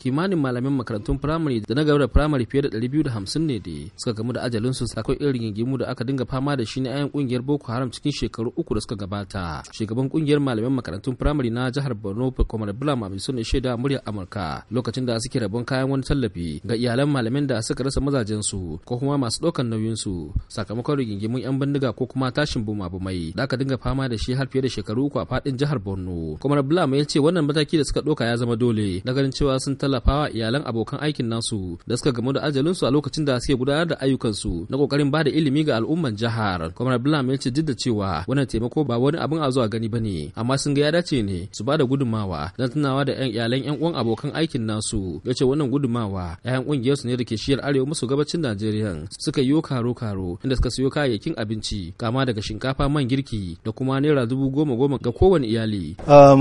kimanin malamin makarantun firamare da na gaba da firamare fiye da 250 ne da suka gamu da ajalin su sakon irin gingimu da aka dinga fama da shi ne ayan kungiyar Boko Haram cikin shekaru uku da suka gabata. Shugaban kungiyar malamin makarantun firamare na jihar Borno Komar Bulama mai son shaida muryar Amurka lokacin da suke rabon kayan wani tallafi ga iyalan malamin da suka rasa mazajensu ko kuma masu ɗaukan nauyinsu sakamakon rigingimun 'yan bindiga ko kuma tashin bumabumai da aka dinga fama da shi har fiye da shekaru uku a faɗin jihar Borno. Komar Bulama ya ce wannan mataki da suka ɗauka ya zama dole na ganin cewa sun tallafawa iyalan abokan aikin nasu da suka gamu da ajalinsu a lokacin da suke gudanar da ayyukansu na kokarin ba da ilimi ga al'umman jihar. kamar Blam ya ce duk da cewa wannan taimako ba wani abin a zuwa gani ba ne, amma sun ga ya dace ne su ba da gudummawa don tunawa da 'yan iyalan 'yan uwan abokan aikin nasu. Ya ce wannan gudummawa 'ya'yan su ne da ke shiyar arewa musu gabacin Najeriya suka yi karo-karo inda suka siyo kayayyakin abinci kama daga shinkafa man girki da kuma naira dubu goma goma ga kowane iyali.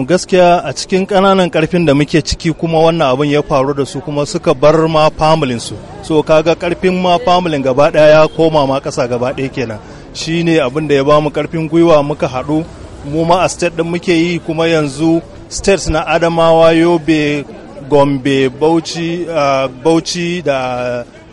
gaskiya a cikin ƙananan ƙarfin da muke ciki kuma wannan abin ya ya faru da su kuma suka bar ma familin su so kaga karfin ma familin gaba daya ya koma ma kasa gaba daya kenan shine abin da ya ba mu karfin gwiwa muka haɗu mu ma a state din muke yi kuma yanzu states na adamawa yobe gombe bauchi bauchi da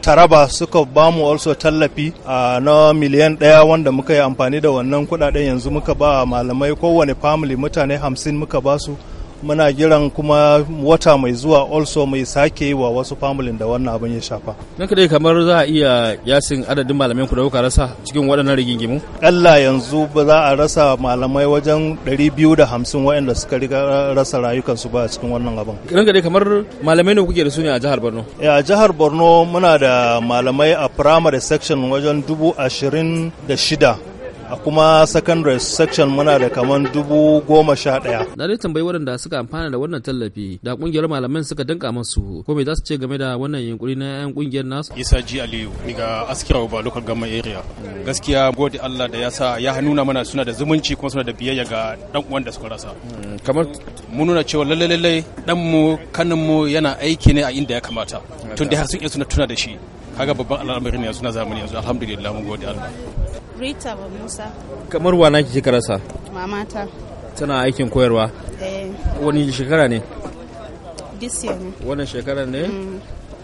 taraba suka ba mu also tallafi uh, na miliyan ɗaya wanda muka yi amfani da wannan kuɗaɗen yanzu muka ba malamai kowane family mutane hamsin muka ba su muna jiran kuma wata mai zuwa also mai sake wa wasu familin da wannan abin ya shafa. Nan kadai kamar za a iya yasin adadin malamai ku da kuka rasa cikin waɗannan rigingimu? Allah yanzu ba za a rasa malamai wajen 250 waɗanda suka riga rasa rayukansu ba a cikin wannan abin. Nan kadai kamar malamai ne kuke da su ne a jihar Borno? Eh, a jihar Borno muna da malamai a primary section wajen dubu ashirin da shida a kuma secondary section muna da kaman dubu goma sha ɗaya. Na dai tambayi waɗanda suka amfana da wannan tallafi da ƙungiyar malamai suka danƙa masu ko me za su ce game da wannan yunkuri na 'yan ƙungiyar nasu. Isa Ji Aliyu daga Askira Uba Local Gama Area. Gaskiya gode Allah da ya sa ya nuna mana suna da zumunci kuma suna da biyayya ga ɗan uwan da suka rasa. Hmm, kamar mun nuna cewa ɗan mu ɗanmu mu yana aiki ne a inda ya kamata. Tun da har sun iya suna tuna da shi. kaga babban al'amarin ne yanzu na zamani yanzu alhamdulillah mun gode Allah Rita ba Musa kamar wa naki kika rasa mamata tana aikin koyarwa eh wani shekara ne this year ne wannan shekara ne mm.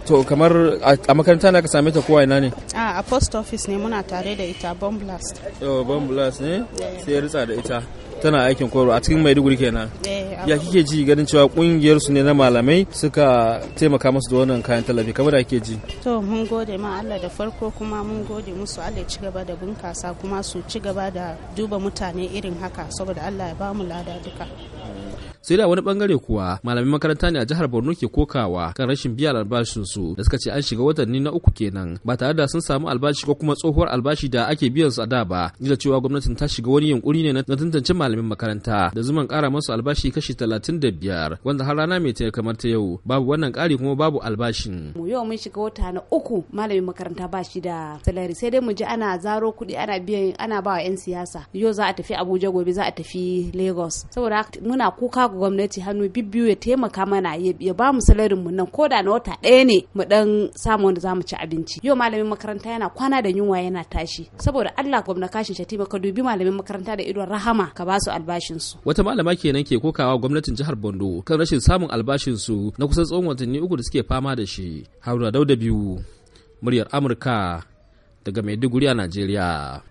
to kamar a makaranta na ka same ta kowa ina ne a ah, a post office ne muna tare da ita bomb blast oh bomb blast ne sai ritsa da ita tana aikin koyarwa a cikin Maiduguri kenan eh ya kike ji ganin cewa kungiyar su ne na malamai suka taimaka musu da wannan kayan tallafi kamar da kike ji to mun gode ma Allah da farko kuma mun gode musu Allah ya ci gaba da bunkasa kuma su ci gaba da duba mutane irin haka saboda Allah ya ba mu lada duka sai da wani bangare kuwa malamin makaranta ne a jihar borno ke kokawa kan rashin biyan su da suka ce an shiga watanni na uku kenan ba tare da sun samu albashi ko kuma tsohuwar albashi da ake biyan su a da ba duk da cewa gwamnatin ta shiga wani yunkuri ne na tantance malamin makaranta da zuman kara masu albashi kashi talatin da biyar wanda har rana mai kamar ta yau babu wannan kari kuma babu albashin. mu yau mun shiga wata na uku malamin makaranta ba shi da salari sai dai mu je ana zaro kuɗi ana biyan ana ba wa 'yan siyasa yau za a tafi abuja gobe za a tafi lagos saboda muna kuka ga gwamnati hannu bibbiyu ya taimaka mana ya ba mu salarin mu nan koda na wata ɗaya ne mu dan samu wanda zamu ci abinci yau malamin makaranta yana kwana da yunwa yana tashi saboda Allah gwamna kashin shatima ka dubi malamin makaranta da idon rahama ka ba su albashin su wata malama kenan ke kokawa gwamnatin jihar Bondo kan rashin samun albashin su na kusan tsawon watanni uku da suke fama da shi Haruna Dauda biyu muryar Amurka daga Maiduguri a Najeriya